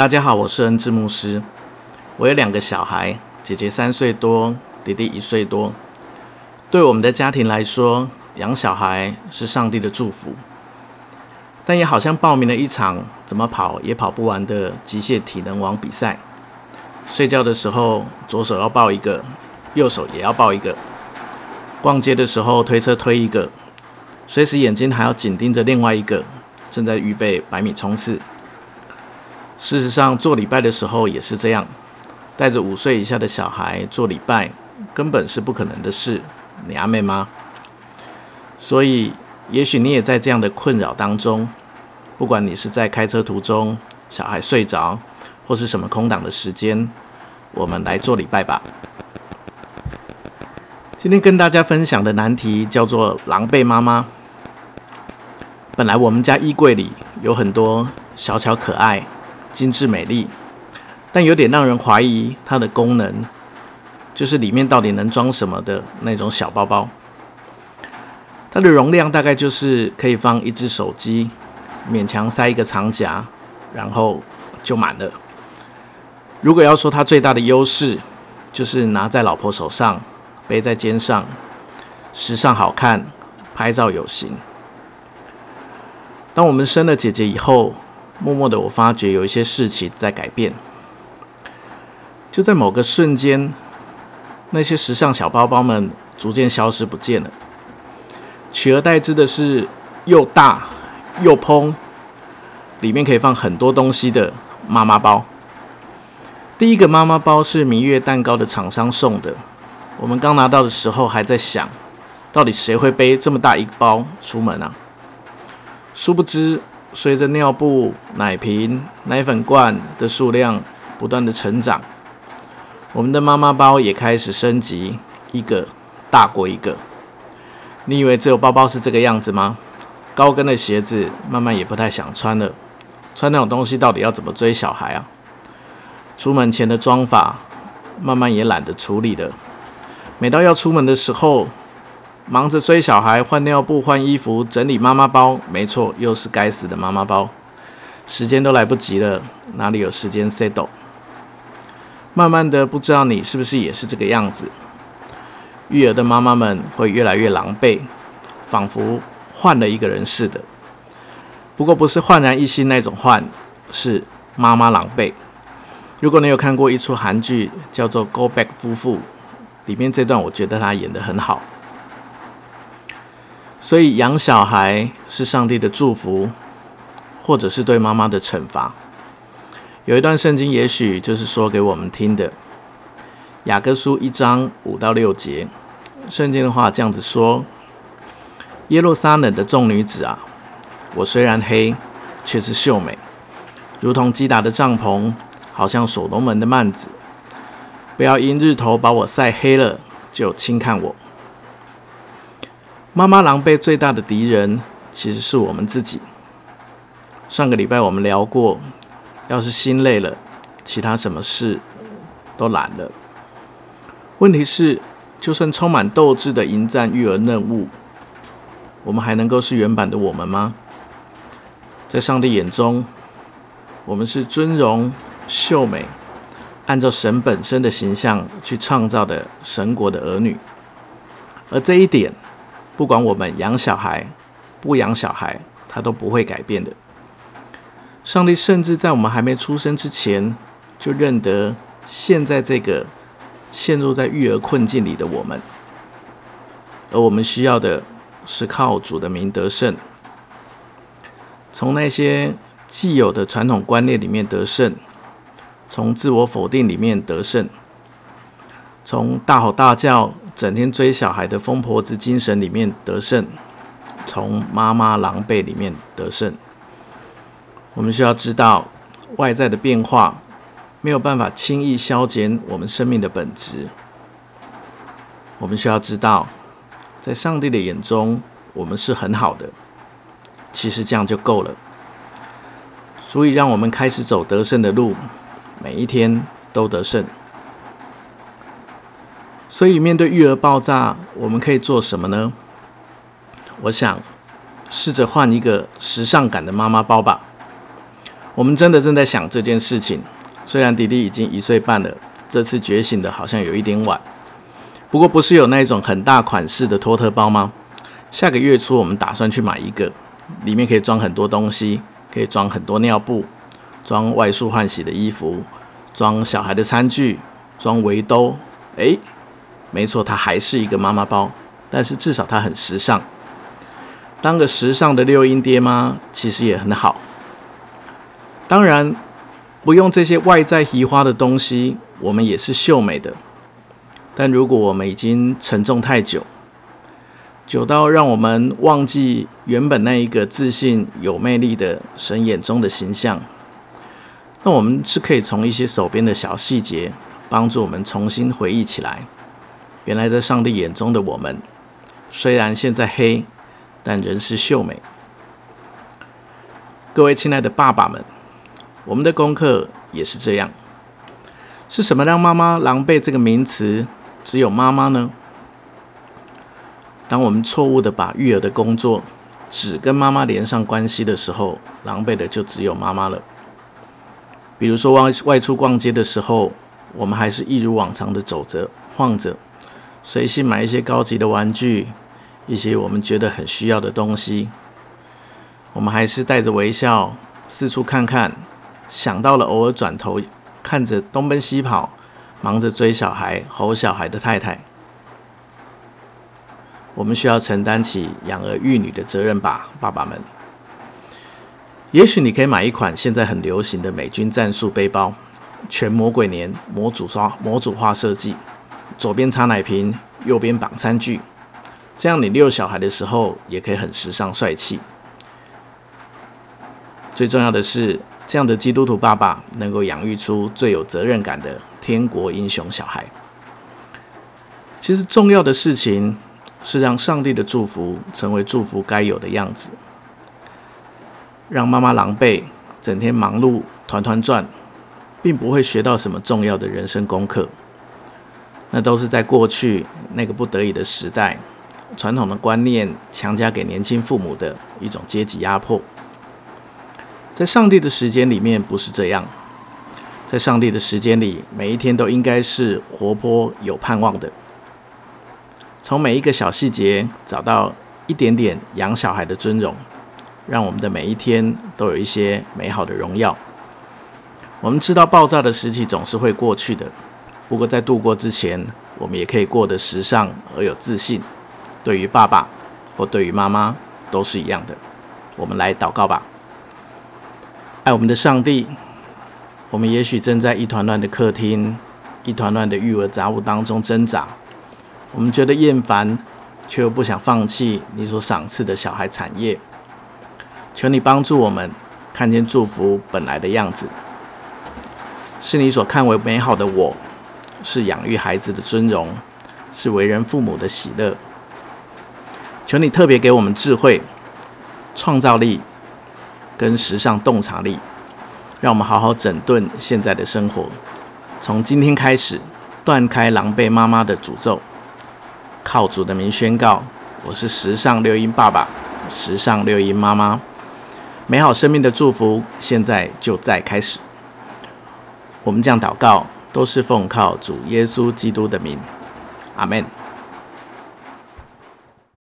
大家好，我是恩智牧師。我有兩個小孩，姐姐三歲多，弟弟一歲多。對我們的家庭來說，養小孩是上帝的祝福，但也好像報名了一場怎麼跑也跑不完的極限體能王比賽。睡覺的時候，左手要抱一個，右手也要抱一個；逛街的時候，推車推一個，隨時眼睛還要緊盯着另外一個正在預備百米衝刺。事實上，做禮拜的時候也是這樣，帶着五歲以下的小孩做禮拜，根本是不可能的事，你阿妹嗎？所以，也許你也在這樣的困擾當中。不管你是在開車途中，小孩睡着，或是什麼空檔的時間，我們來做禮拜吧。今天跟大家分享的難題叫做“狼狽媽媽”。本來我們家衣櫃裡有很多小巧可愛。精緻美麗，但有點讓人懷疑它的功能，就是裡面到底能裝什麼的那種小包包。它的容量大概就是可以放一支手機，勉強塞一個長夾，然後就滿了。如果要說它最大的優勢，就是拿在老婆手上，背在肩上，時尚好看，拍照有型。當我們生了姐姐以後。默默的，我發覺有一些事情在改變。就在某個瞬間，那些時尚小包包們逐漸消失不見了，取而代之的是又大又澎，裡面可以放很多東西的媽媽包。第一個媽媽包是明月蛋糕的廠商送的，我們剛拿到的時候還在想，到底誰會背這麼大一個包出門啊？殊不知。隨着尿布、奶瓶、奶粉罐的數量不斷的成長，我們的媽媽包也開始升級，一個大過一個。你以為只有包包是這個樣子嗎？高跟的鞋子慢慢也不太想穿了，穿那種東西到底要怎麼追小孩啊？出門前的妝髮慢慢也懶得處理了，每到要出門的時候。忙着追小孩、換尿布、換衣服、整理媽媽包，沒錯，又是該死的媽媽包。時間都來不及了，哪裡有時間 say no？慢慢的，不知道你是不是也是這個樣子。育兒的媽媽們會越來越狼狽，仿佛換了一個人似的。不過不是煥然一新那種換，是媽媽狼狽。如果你有看過一出韓劇，叫做《Go Back 夫婦》，裡面這段我覺得他演的很好。所以養小孩是上帝的祝福，或者是對媽媽的懲罰。有一段聖經，也許就是說給我們聽的。雅歌書一章五到六節，聖經的話這樣子說：“耶路撒冷的眾女子啊，我雖然黑，卻是秀美，如同基達的帳篷，好像所羅門的幔子。不要因日頭把我曬黑了，就輕看我。”媽媽狼狽最大的敵人，其實是我們自己。上個禮拜我們聊過，要是心累了，其他什麼事都懶了。問題是，就算充滿鬥志的迎戰育兒任務，我們還能夠是原版的我們嗎？在上帝眼中，我們是尊榮、秀美，按照神本身的形象去創造的神國的兒女，而這一點。不管我們養小孩，不養小孩，他都不會改變的。上帝甚至在我們還沒出生之前，就認得現在這個陷入在育兒困境裡的我們。而我們需要的是靠主的名得勝，從那些既有的傳統觀念裡面得勝，從自我否定裡面得勝，從大吼大叫，整天追小孩的瘋婆子精神裡面得勝，從媽媽狼狽裡面得勝。我們需要知道，外在的變化沒有辦法輕易削減我們生命的本質。我們需要知道，在上帝的眼中，我們是很好的。其實這樣就夠了，足以讓我們開始走得勝的路，每一天都得勝。所以，面對育兒爆炸，我們可以做什麼呢？我想試着換一個時尚感的媽媽包吧。我們真的正在想這件事情。雖然弟弟已經一歲半了，這次覺醒的好像有一點晚。不過，不是有那種很大款式的托特包嗎？下個月初我們打算去買一個，裡面可以裝很多東西，可以裝很多尿布，裝外出換洗的衣服，裝小孩的餐具，裝圍兜。哎。沒錯，它還是一個媽媽包，但是至少它很時尚。當個時尚的遛嬰爹媽，其實也很好。當然，不用這些外在奇花的東西，我們也是秀美的。但如果我們已經沉重太久，久到讓我們忘記原本那一個自信、有魅力的神眼中的形象，那我們是可以從一些手邊的小細節，幫助我們重新回憶起來。原來，在上帝眼中的我們，雖然現在黑，但仍是秀美。各位親愛的爸爸們，我們的功課也是這樣。是什麼讓媽媽“狼狽”這個名詞只有媽媽呢？當我們錯誤的把育兒的工作只跟媽媽連上關係的時候，狼狽的就只有媽媽了。比如說外外出逛街的時候，我們還是一如往常的走着、晃着。隨性買一些高級的玩具，一些我們覺得很需要的東西。我們還是帶着微笑四處看看，想到了偶爾轉頭看着東奔西跑、忙着追小孩、吼小孩的太太。我們需要承擔起養兒育女的責任吧，爸爸們。也許你可以買一款現在很流行的美軍戰術背包，全魔鬼氈模組刷模組化設計。左邊插奶瓶，右邊綁餐具，這樣你遛小孩的時候也可以很時尚帥氣。最重要的是，這樣的基督徒爸爸能夠養育出最有責任感的天國英雄小孩。其實重要的事情是讓上帝的祝福成為祝福該有的樣子。讓媽媽狼狽，整天忙碌團團轉，並不會學到什麼重要的人生功課。那都是在過去那個不得已的時代，傳統的觀念強加給年輕父母的一種階級壓迫。在上帝的時間裡面不是這樣，在上帝的時間裡，每一天都應該是活潑有盼望的。從每一個小細節找到一點點養小孩的尊榮，讓我們的每一天都有一些美好的榮耀。我們知道爆炸的時期總是會過去的。不過在度過之前，我們也可以過得時尚而有自信。對於爸爸或對於媽媽都是一樣的。我們來禱告吧。愛我們的上帝，我們也許正在一團亂的客廳、一團亂的育兒雜物當中掙扎。我們覺得厭煩，卻又不想放棄你所賞賜的小孩產業。求你幫助我們看見祝福本來的樣子，是你所看為美好的我。是養育孩子的尊榮，是為人父母的喜樂。求你特別給我們智慧、創造力跟時尚洞察力，讓我們好好整頓現在的生活。從今天開始，斷開狼狽媽媽的詛咒，靠主的名宣告：我是時尚遛嬰爸爸，時尚遛嬰媽媽，美好生命的祝福現在就在開始。我們這樣禱告，都是奉靠主耶穌基督的名，阿門。